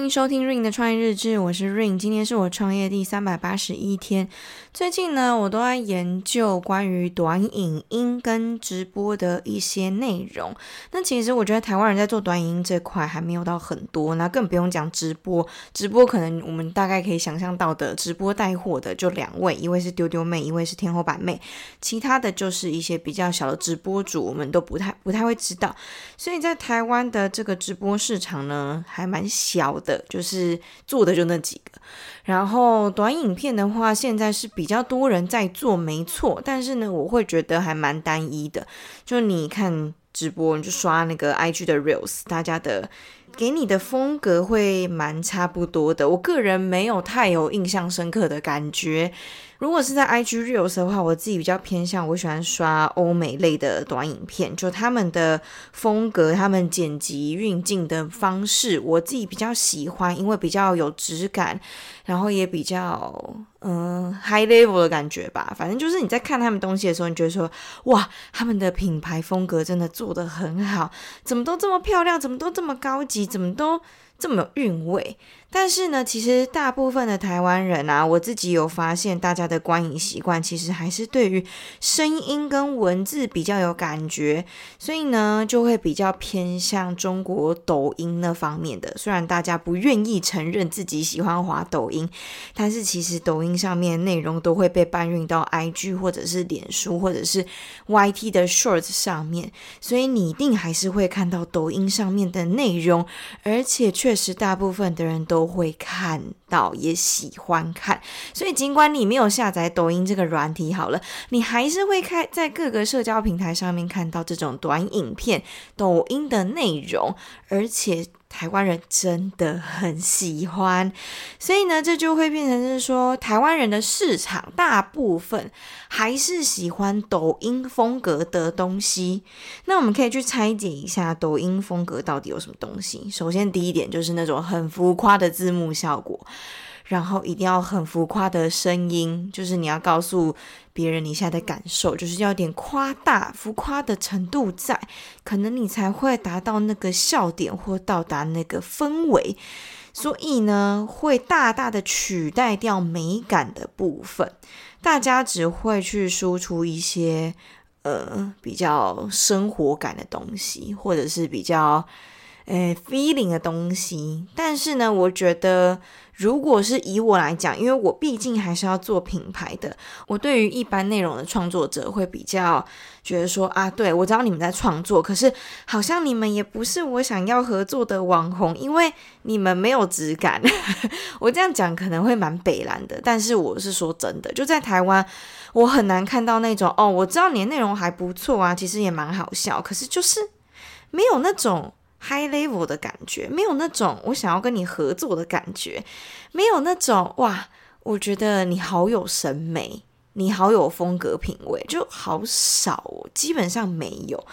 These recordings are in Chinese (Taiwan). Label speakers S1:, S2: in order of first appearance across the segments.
S1: 歡迎收聽 Ring 的創業日志，我是 Ring，今天是我創業第三百八十一天。最近呢，我都在研究關於短影音跟直播的一些內容。那其實我覺得台灣人在做短影音這塊還沒有到很多，那更不用講直播。直播可能我們大概可以想象到的，直播帶貨的就兩位，一位是丟丟妹，一位是天后板妹，其他的就是一些比較小的直播主，我們都不太不太會知道。所以在台灣的這個直播市場呢，還蠻小的。就是做的就那幾個，然後短影片的話，現在是比較多人在做，沒錯。但是呢，我會覺得還蠻單一的。就你看直播，你就刷那個 IG 的 Reels，大家的給你的風格會蠻差不多的。我個人沒有太有印象深刻的感覺。如果是在 IG Reels 的話，我自己比較偏向，我喜歡刷歐美類的短影片，就他們的風格、他們剪輯運鏡的方式，我自己比較喜歡，因為比較有質感，然後也比較嗯、呃、high level 的感覺吧。反正就是你在看他們東西的時候，你覺得說哇，他們的品牌風格真的做得很好，怎麼都這麼漂亮，怎麼都這麼高級，怎麼都。這麼有韻味，但是呢，其實大部分的台灣人啊，我自己有發現，大家的觀影習慣其實還是對於聲音跟文字比較有感覺，所以呢，就會比較偏向中國抖音那方面的。雖然大家不願意承認自己喜歡滑抖音，但是其實抖音上面的內容都會被搬運到 IG 或者是臉書或者是 YT 的 Shorts 上面，所以你一定還是會看到抖音上面的內容，而且卻。確實，大部分的人都會看到，也喜歡看。所以，儘管你沒有下載抖音這個軟體，好了，你還是會開在各個社交平台上面看到這種短影片、抖音的內容，而且。台灣人真的很喜歡，所以呢，這就會變成是說，台灣人的市場大部分還是喜歡抖音風格的東西。那我們可以去拆解一下抖音風格到底有什麼東西。首先，第一點就是那種很浮誇的字幕效果，然後一定要很浮誇的聲音，就是你要告訴。別人一下的感受，就是要點誇大、浮誇的程度在，在可能你才會達到那個笑點或到達那個氛圍，所以呢，會大大的取代掉美感的部分，大家只會去輸出一些呃比較生活感的東西，或者是比較。誒，feeling 的東西，但是呢，我覺得如果是以我來講，因為我畢竟還是要做品牌的，我對於一般內容的創作者會比較覺得說啊，對，我知道你們在創作，可是好像你們也不是我想要合作的網紅，因為你們沒有質感。 我這樣講可能會蠻北爛的，但是我是說真的，就在台灣，我很難看到那種哦，我知道你的內容還不錯啊，其實也蠻好笑，可是就是沒有那種。High level 的感覺，沒有那種我想要跟你合作的感覺，沒有那種哇，我覺得你好有審美，你好有風格品味，就好少哦，基本上沒有。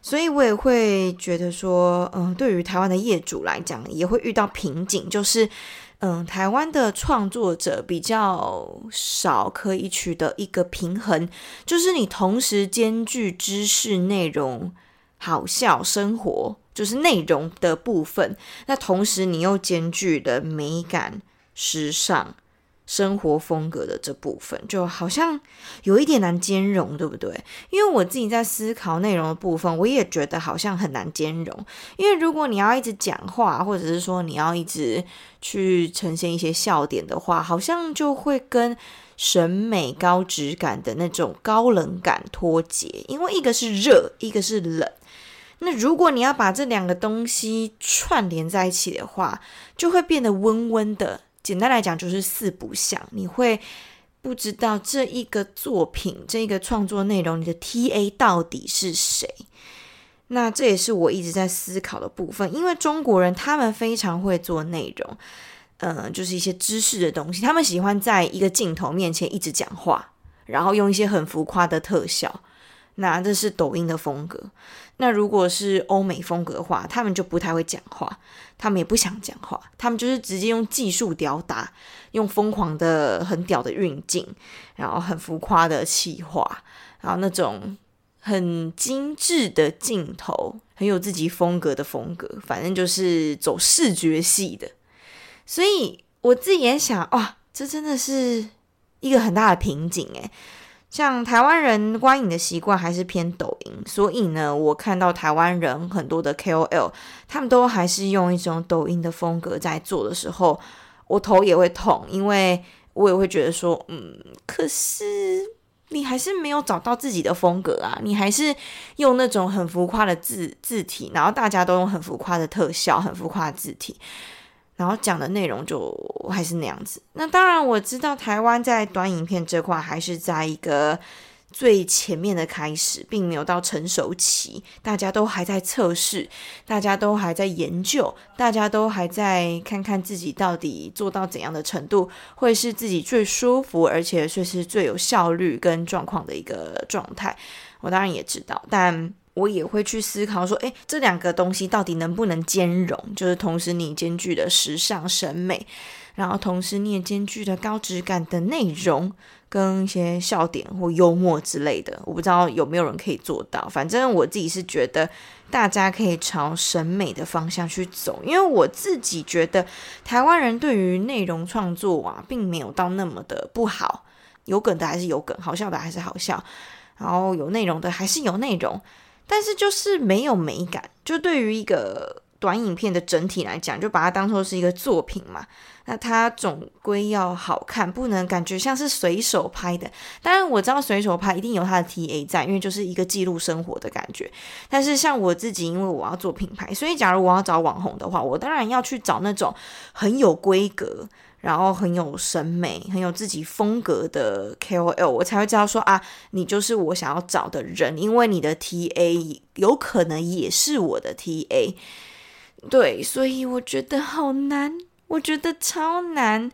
S1: 所以我也會覺得說，嗯，對於台灣的業主來講，也會遇到瓶頸，就是嗯，台灣的創作者比較少可以取得一個平衡，就是你同時兼具知識內容、好笑、生活。就是內容的部分，那同時你又兼具了美感、時尚、生活風格的這部分，就好像有一點難兼容，對不對？因為我自己在思考內容的部分，我也覺得好像很難兼容。因為如果你要一直講話，或者是說你要一直去呈現一些笑點的話，好像就會跟審美高質感的那種高冷感脫節，因為一個是熱，一個是冷。那如果你要把這兩個東西串聯在一起的話，就會變得溫溫的。簡單來講，就是四不像。你會不知道這一個作品、這一個創作內容，你的 TA 到底是誰？那這也是我一直在思考的部分。因為中國人他們非常會做內容，嗯、呃，就是一些知識的東西，他們喜歡在一個鏡頭面前一直講話，然後用一些很浮誇的特效。那這是抖音的風格。那如果是歐美風格的話，他們就不太會講話，他們也不想講話，他們就是直接用技術屌打，用瘋狂的很屌的運鏡，然後很浮誇的氣話，然後那種很精緻的鏡頭，很有自己風格的風格，反正就是走視覺系的。所以我自己也想，哇，這真的是一個很大的瓶頸欸。像台灣人觀影的習慣還是偏抖音，所以呢，我看到台灣人很多的 KOL，他們都還是用一種抖音的風格在做的時候，我頭也會痛，因為我也會覺得說，嗯，可是你還是沒有找到自己的風格啊，你還是用那種很浮誇的字字體，然後大家都用很浮誇的特效，很浮誇的字體。然後講的內容就還是那樣子。那當然，我知道台灣在短影片這塊還是在一個最前面的開始，並沒有到成熟期。大家都還在測試，大家都還在研究，大家都還在看看自己到底做到怎樣的程度，會是自己最舒服，而且說是最有效率跟狀況的一個狀態。我當然也知道，但。我也會去思考說，誒，這兩個東西到底能不能兼容？就是同時你兼具的時尚審美，然後同時你也兼具的高質感的內容跟一些笑點或幽默之類的。我不知道有沒有人可以做到，反正我自己是覺得大家可以朝審美的方向去走，因為我自己覺得台灣人對於內容創作啊，並沒有到那麼的不好，有梗的還是有梗，好笑的還是好笑，然後有內容的還是有內容。但是就是沒有美感，就對於一個短影片的整體來講，就把它當做是一個作品嘛，那它總歸要好看，不能感覺像是隨手拍的。當然我知道隨手拍一定有它的 TA 在，因為就是一個記錄生活的感覺。但是像我自己，因為我要做品牌，所以假如我要找網紅的話，我當然要去找那種很有規格。然後很有審美、很有自己風格的 KOL，我才會知道說啊，你就是我想要找的人，因為你的 TA 有可能也是我的 TA。對，所以我覺得好難，我覺得超難。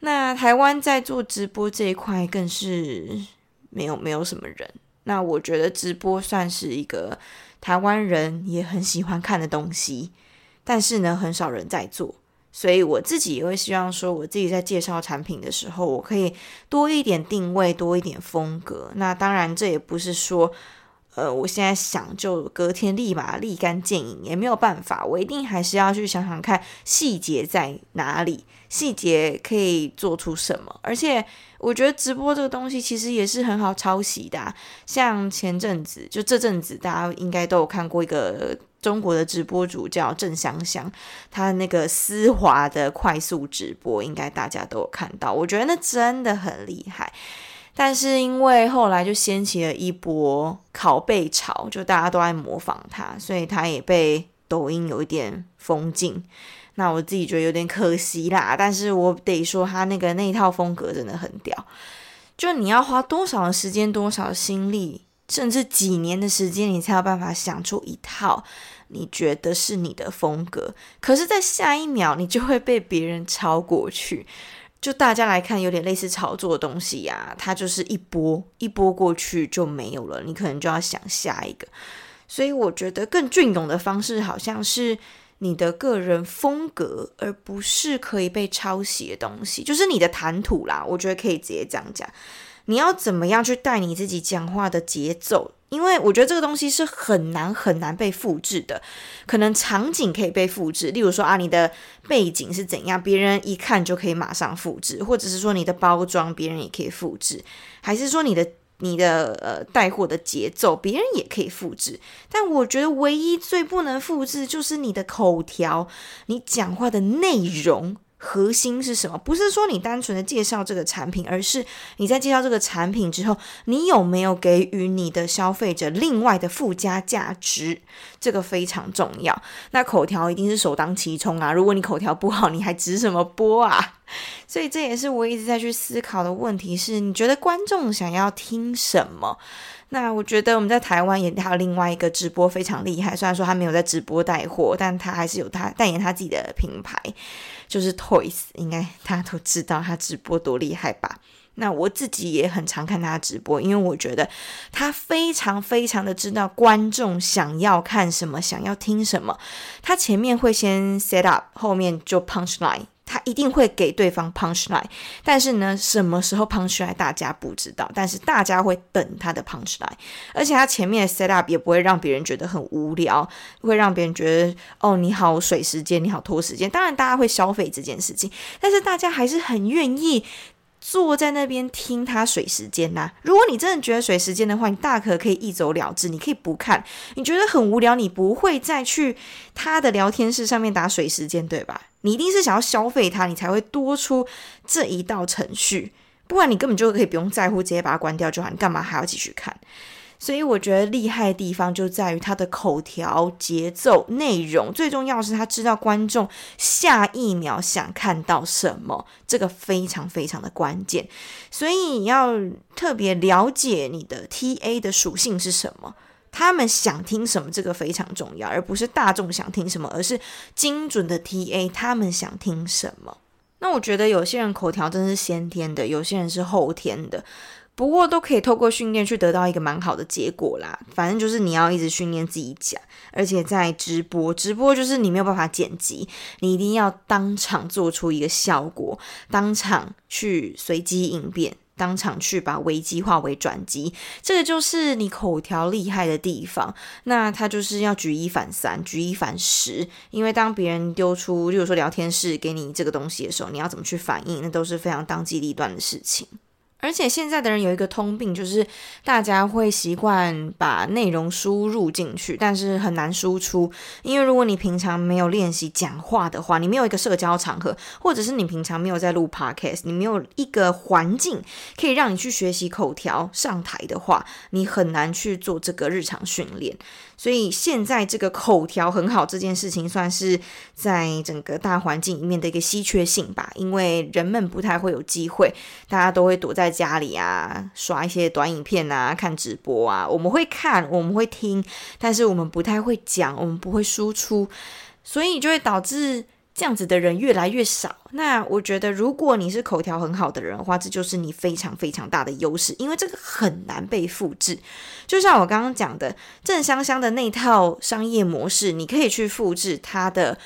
S1: 那台灣在做直播這一塊更是沒有沒有什麼人。那我覺得直播算是一個台灣人也很喜歡看的東西，但是呢，很少人在做。所以我自己也會希望說，我自己在介紹產品的時候，我可以多一點定位，多一點風格。那當然，這也不是說，呃，我現在想就隔天立馬立竿見影，也沒有辦法。我一定還是要去想想看細節在哪裡，細節可以做出什麼，而且。我覺得直播這個東西其實也是很好抄襲的啊，像前陣子就這陣子，大家應該都有看過一個中國的直播主叫鄭香香，他那個絲滑的快速直播，應該大家都有看到。我覺得那真的很厲害，但是因為後來就掀起了一波拷貝潮，就大家都在模仿他，所以他也被抖音有一點封禁。那我自己覺得有點可惜啦，但是我得說他那個那一套風格真的很屌。就你要花多少的時間、多少心力，甚至幾年的時間，你才有辦法想出一套你覺得是你的風格。可是，在下一秒，你就會被別人超過去。就大家來看，有點類似炒作的東西呀、啊，它就是一波一波過去就沒有了，你可能就要想下一個。所以，我覺得更雋永的方式，好像是。你的個人風格，而不是可以被抄襲的東西，就是你的談吐啦。我覺得可以直接這樣講，你要怎麼樣去帶你自己講話的節奏，因為我覺得這個東西是很難很難被複製的。可能場景可以被複製，例如說啊，你的背景是怎樣，別人一看就可以馬上複製，或者是說你的包裝，別人也可以複製，還是說你的。你的呃、帶貨的節奏，別人也可以複製，但我覺得唯一最不能複製就是你的口條，你講話的內容。核心是什麼？不是說你單純的介紹這個產品，而是你在介紹這個產品之後，你有沒有給予你的消費者另外的附加價值？這個非常重要。那口條一定是首當其衝啊！如果你口條不好，你還直什麼播啊？所以這也是我一直在去思考的問題是：是你覺得觀眾想要聽什麼？那我覺得我們在台灣也還有另外一個直播非常厲害，雖然說他沒有在直播帶貨，但他還是有他代言他自己的品牌。就是 Toys，應該大家都知道他直播多厲害吧？那我自己也很常看他直播，因為我覺得他非常非常的知道觀眾想要看什麼，想要聽什麼。他前面會先 set up，後面就 punchline。一定會給對方 punch line，但是呢，什麼時候 punch line 大家不知道，但是大家會等他的 punch line，而且他前面的 setup 也不會讓別人覺得很無聊，會讓別人覺得哦，你好水時間，你好拖時間，當然大家會消費這件事情，但是大家還是很願意坐在那邊聽他水時間吶。如果你真的覺得水時間的話，你大可可以一走了之，你可以不看。你覺得很無聊，你不會再去他的聊天室上面打水時間，對吧？你一定是想要消費他，你才會多出這一道程序。不然你根本就可以不用在乎，直接把它關掉就好。你幹嘛還要繼續看？所以我覺得厲害的地方就在於他的口條、節奏、內容，最重要的是他知道觀眾下一秒想看到什麼，這個非常非常的關鍵。所以你要特別了解你的 TA 的屬性是什麼，他們想聽什麼，這個非常重要，而不是大眾想聽什麼，而是精準的 TA，他們想聽什麼。那我覺得有些人口條真的是先天的，有些人是後天的。不過都可以透過訓練去得到一個蠻好的結果啦。反正就是你要一直訓練自己講，而且在直播，直播就是你沒有辦法剪輯，你一定要當場做出一個效果，當場去隨機應變，當場去把危機化為轉機。這個就是你口條厲害的地方。那他就是要舉一反三，舉一反十。因為當別人丟出，就是說聊天室給你這個東西的時候，你要怎麼去反應，那都是非常當機立斷的事情。而且現在的人有一個通病，就是大家會習慣把內容輸入進去，但是很難輸出。因為如果你平常沒有練習講話的話，你沒有一個社交場合，或者是你平常沒有在錄 Podcast，你沒有一個環境可以讓你去學習口條上台的話，你很難去做這個日常訓練。所以現在這個口條很好這件事情，算是在整個大環境裡面的一個稀缺性吧，因為人們不太會有機會，大家都會躲在。在家裡啊，刷一些短影片啊，看直播啊，我們會看，我們會聽，但是我們不太會講，我們不會輸出，所以就會導致這樣子的人越來越少。那我覺得，如果你是口條很好的人的話，這就是你非常非常大的優勢，因為這個很難被複製。就像我剛剛講的，鄭香香的那套商業模式，你可以去複製它的，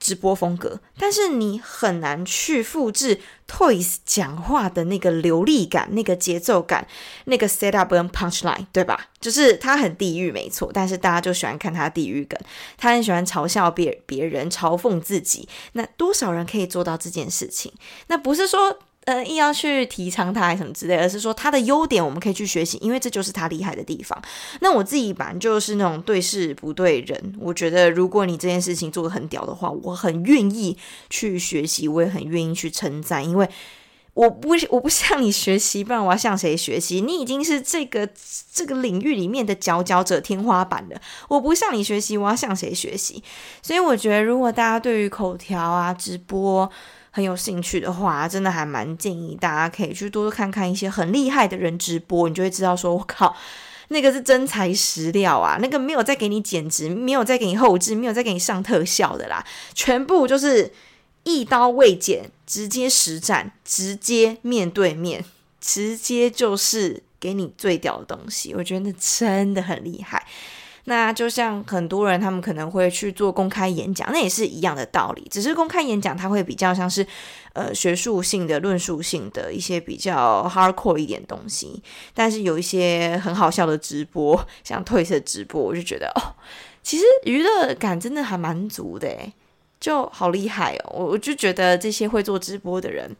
S1: 直播風格，但是你很難去複製 Toys 講話的那個流利感、那個節奏感、那個 setup 跟 punchline，對吧？就是他很地獄，沒錯，但是大家就喜歡看他地獄梗，他很喜歡嘲笑別別人、嘲諷自己，那多少人可以做到這件事情？那不是說。呃、嗯，硬要去提倡他什麼之類的，而是說他的優點我們可以去學習，因為這就是他厲害的地方。那我自己本就是那種對事不對人。我覺得如果你這件事情做得很屌的話，我很願意去學習，我也很願意去稱讚，因為我不我不向你學習，不然我要向誰學習？你已經是這個這個領域裡面的佼佼者，天花板了。我不向你學習，我要向誰學習？所以我覺得，如果大家對於口條啊、直播，很有興趣的話，真的還蠻建議大家可以去多多看看一些很厲害的人直播，你就會知道說，說我靠，那個是真材實料啊,那個沒有再給你剪輯，沒有再給你後製，沒有再給你上特效的啦，全部就是一刀未剪，直接實戰，直接面對面，直接就是給你最屌的東西，我覺得真的很厲害。那就像很多人，他們可能會去做公開演講，那也是一樣的道理。只是公開演講，他會比較像是，呃，學術性的、論述性的一些比較 hardcore 一點東西。但是有一些很好笑的直播，像褪色直播，我就覺得哦，其實娛樂感真的還蠻足的，就好厲害哦。我我就覺得這些會做直播的人，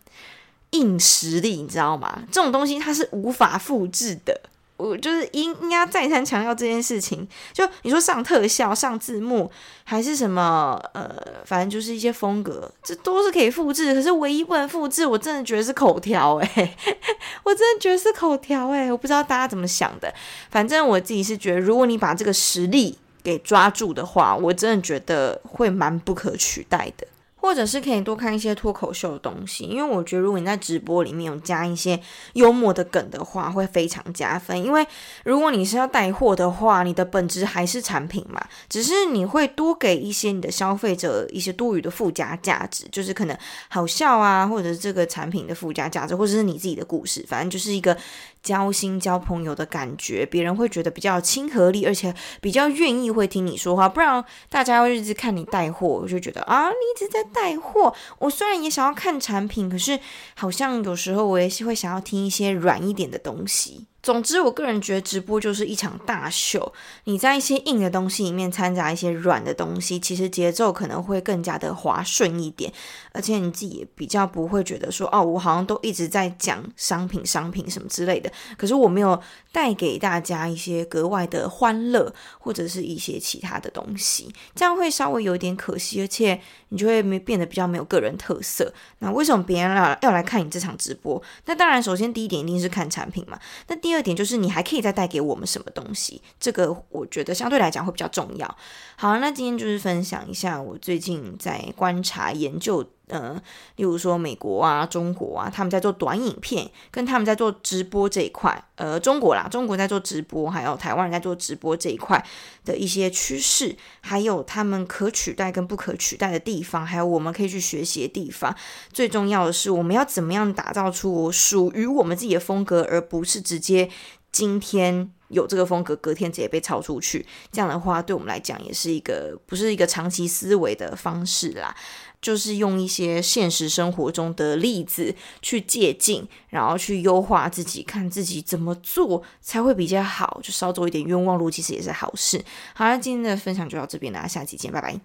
S1: 硬實力，你知道嗎？這種東西它是無法複製的。我就是應應該再三強調這件事情，就你說上特效、上字幕，還是什麼，呃，反正就是一些風格，這都是可以複製。可是唯一不能複製，我真的覺得是口條、欸，哎， 我真的覺得是口條、欸，哎，我不知道大家怎麼想的。反正我自己是覺得，如果你把這個實力給抓住的話，我真的覺得會蠻不可取代的。或者是可以多看一些脫口秀的東西，因為我覺得如果你在直播裡面有加一些幽默的梗的話，會非常加分。因為如果你是要帶貨的話，你的本質還是產品嘛，只是你會多給一些你的消費者一些多餘的附加價值，就是可能好笑啊，或者這個產品的附加價值，或者是你自己的故事，反正就是一個。交心交朋友的感覺，別人會覺得比較親和力，而且比較願意會聽你說話。不然大家要一直看你帶貨，我就覺得啊，你一直在帶貨。我雖然也想要看產品，可是好像有時候我也是會想要聽一些軟一點的東西。總之，我個人覺得直播就是一場大秀。你在一些硬的東西裡面摻雜一些軟的東西，其實節奏可能會更加的滑順一點，而且你自己也比較不會覺得說，哦，我好像都一直在講商品、商品什麼之類的，可是我沒有。帶給大家一些格外的歡樂，或者是一些其他的東西，這樣會稍微有點可惜，而且你就會沒變得比較沒有個人特色。那為什麼別人要來要來看你這場直播？那當然，首先第一點一定是看產品嘛。那第二點就是你還可以再帶給我們什麼東西？這個我覺得相對來講會比較重要。好，那今天就是分享一下我最近在觀察研究，呃，例如說美國啊、中國啊，他們在做短影片，跟他們在做直播這一塊。呃，中國啦，中國在做直播，還有台灣人在做直播這一塊的一些趨勢，還有他們可取代跟不可取代的地方，還有我們可以去學習的地方。最重要的是，我們要怎麼樣打造出屬於我們自己的風格，而不是直接今天有這個風格，隔天直接被抄出去。這樣的話，對我們來講也是一個不是一個長期思維的方式啦。就是用一些現實生活中的例子去借鏡，然後去優化自己，看自己怎麼做才會比較好，就少走一點冤枉路，其實也是好事。好，那今天的分享就到這邊啦，下期見，拜拜。